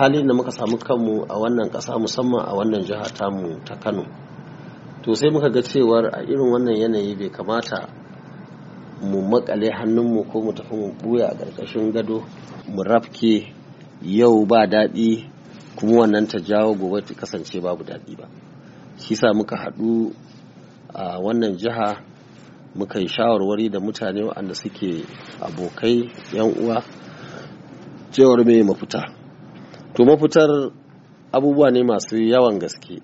halin da muka samu kanmu a wannan ƙasa musamman a wannan jiha ta mu ta kano to sai muka ga cewar a irin wannan yanayi bai kamata mu makale hannunmu ko mu tafi mu buya a ƙarƙashin gado mu rafke yau ba daɗi kuma wannan ta jawo gobe ta kasance babu daɗi ba shi sa muka haɗu a wannan jiha muka yi shawarwari da mutane waɗanda suke abokai 'yan uwa cewar mai mafita to mafitar abubuwa ne masu yawan gaske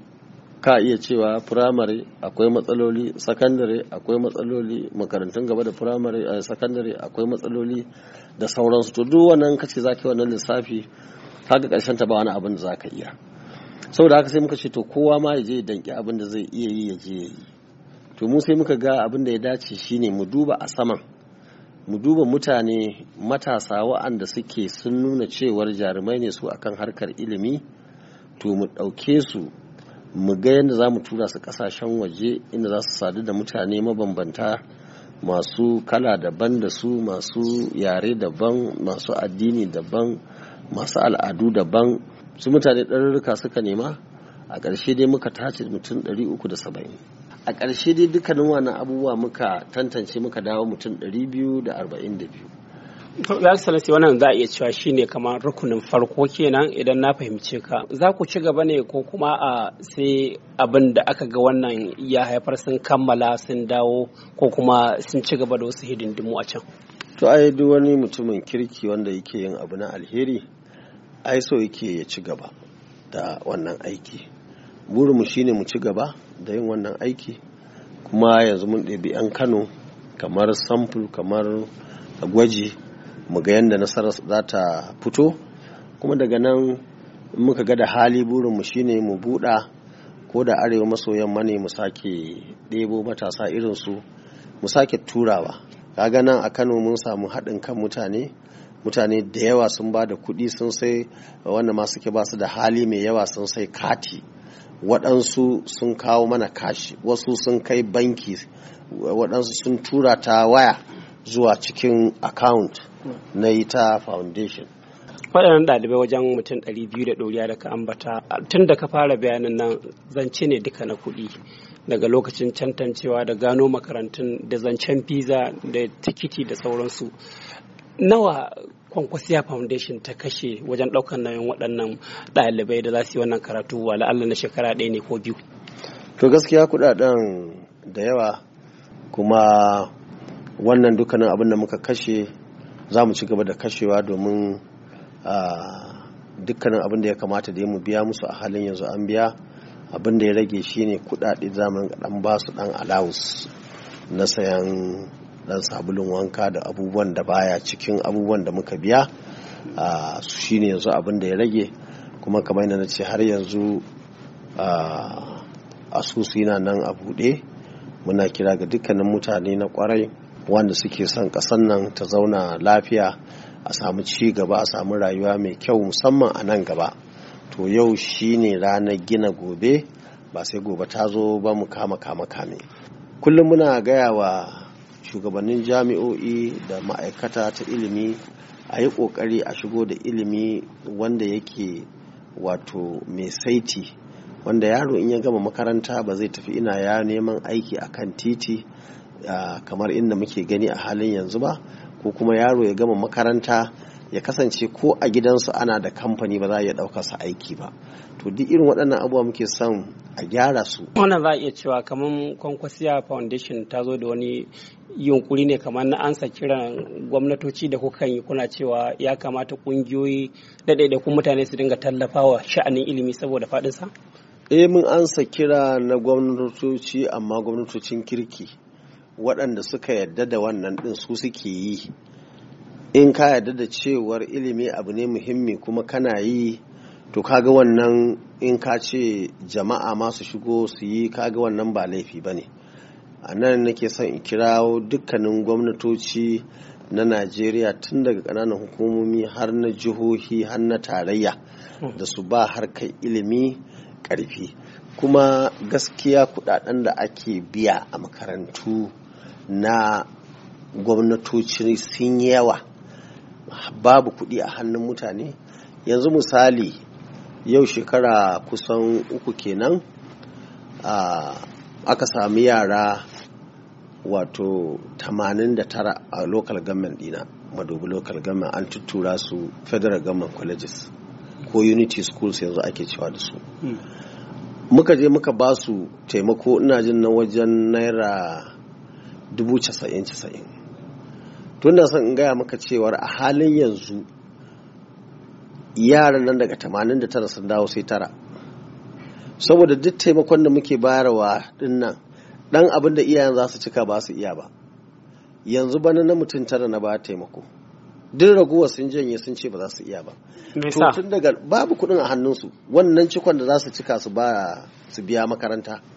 ka iya cewa firamare akwai matsaloli sakandare akwai matsaloli makarantun gaba da firamare a eh, sakandare akwai matsaloli da sauransu to duk wannan kace zaki wannan lissafi kaga karshen ta ba wani abin da zaka iya saboda haka sai muka ce to kowa ma ya je ya danki abin da zai iya yi ya je ya yi to mu sai muka ga abin da ya dace shine mu duba a saman mu duba mutane matasa wa'anda suke sun nuna cewar jarumai ne su akan harkar ilimi to mu ɗauke su mu ga yadda za mu tura su ƙasashen waje inda za su sadu da mutane mabambanta masu kala daban da su masu yare daban masu addini daban masu al'adu daban su mutane ɗarurruka suka nema a ƙarshe dai muka tace mutum 370 a ƙarshe dai dukkanin wannan abubuwa muka tantance muka dawo mutum 242 za su salasi wannan za a iya cewa shi ne kamar rukunin farko kenan idan na fahimce ka za ku ci gaba ne ko kuma a sai abin da aka ga wannan ya haifar sun kammala sun dawo ko kuma sun ci gaba da wasu hidindimu a can to ai duk wani mutumin kirki wanda yake yin abu na alheri ai so yake ya ci gaba da wannan aiki burinmu shine mu ci gaba da yin wannan aiki kuma yanzu mun ɗabi 'yan kano kamar samfur kamar gwaji mu ga yadda nasarar za ta fito kuma daga nan muka ga da hali burinmu shine mu buɗa ko da arewa maso yamma ne mu sake ɗebo matasa irinsu mu sake turawa kaga nan a kano mun samu haɗin kan mutane mutane da yawa sun ba da kuɗi sun sai wanda masu ke ba su da hali mai yawa sun sai kati waɗansu sun kawo mana kashi wasu sun kai banki waɗansu sun tura ta waya zuwa cikin account na ta foundation waɗannan ɗalibai wajen mutum 200 da ɗoriya da ka ambata tun da ka fara bayanin nan zance ne duka na kuɗi daga lokacin cantancewa da gano makarantun da zancen visa da tikiti da sauransu nawa kwankwasiya foundation ta kashe wajen ɗaukar nauyin waɗannan ɗalibai da za su yi wannan karatu wa la'alla na shekara ɗaya ne ko biyu to gaskiya kuɗaɗen da yawa kuma wannan dukkanin abin da muka kashe za mu ci gaba da kashewa domin dukkanin abin da ya kamata da mu biya musu a halin yanzu an biya abin da ya rage shine kuɗaɗe zamu ɗan ba su ɗan alawus na sayan dan sabulun wanka da abubuwan da baya cikin abubuwan da muka biya su shine yanzu abin da ya rage kuma kamar yadda na ce har yanzu asusu yana nan a buɗe muna kira ga dukkanin mutane na kwarai wanda suke son ƙasar nan ta zauna lafiya a samu ci gaba a samu rayuwa mai kyau musamman a nan gaba to yau shine ranar gina gobe ba sai gobe ta zo ba mu kama kama kame kullum muna gaya wa shugabannin jami'o'i da ma'aikata ta ilimi a yi ƙoƙari a shigo da ilimi wanda yake wato mai saiti wanda yaro in ya gama makaranta ba zai tafi ina ya neman aiki a kan titi kamar inda muke gani a halin yanzu ba ko kuma yaro ya gama makaranta ya kasance ko a gidansu ana da kamfani ba za a iya ɗaukar su aiki ba to duk irin waɗannan abubuwa muke son a gyara su wannan za a iya cewa kamar kwankwasiya foundation ta zo da wani yunkuri ne kamar na ansa kiran gwamnatoci da kukan yi kuna cewa ya kamata ƙungiyoyi da ɗaiɗaikun mutane su dinga tallafawa sha'anin ilimi saboda faɗinsa eh mun ansa kira na gwamnatoci amma gwamnatocin kirki waɗanda suka yarda da wannan ɗin su suke yi in ka yarda da cewar ilimi abu ne muhimmi kuma kana yi to kaga wannan in ka ce jama'a masu shigo su yi kaga wannan ba laifi ba ne a nan nake son in kirawo dukkanin gwamnatoci na najeriya tun daga ƙananan hukumomi har na jihohi har na tarayya da su ba har kai ilimi karfi kuma gaskiya kudaden da ake biya a makarantu na gwamnatoci sun yawa babu kuɗi a hannun mutane yanzu misali yau shekara kusan uku kenan aka sami yara wato 89 a local government dina madobi local government an tuttura su federal government colleges ko unity schools yanzu ake cewa da su hmm. muka je muka ba su taimako ina jin na wajen naira 90,000 tunda son in gaya maka cewar a halin yanzu yaran nan daga 89 sun dawo sai tara saboda duk taimakon da muke bayarwa din nan dan abin da iyayen za su cika ba su iya ba yanzu bana na mutum tara na ba taimako duk raguwa sun janye sun ce ba za su iya ba tun daga babu kuɗin a hannunsu wannan cikon da za su cika su ba su biya makaranta